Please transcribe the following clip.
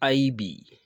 IB